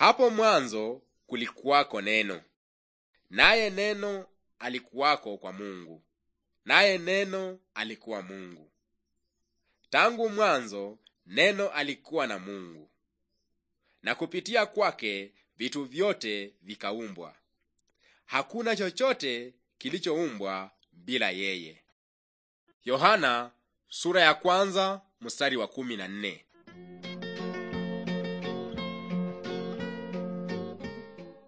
Hapo mwanzo kulikuwako neno, naye neno alikuwako kwa Mungu, naye neno alikuwa Mungu. Tangu mwanzo neno alikuwa na Mungu, na kupitia kwake vitu vyote vikaumbwa. Hakuna chochote kilichoumbwa bila yeye. Yohana sura ya kwanza mstari wa kumi na nne.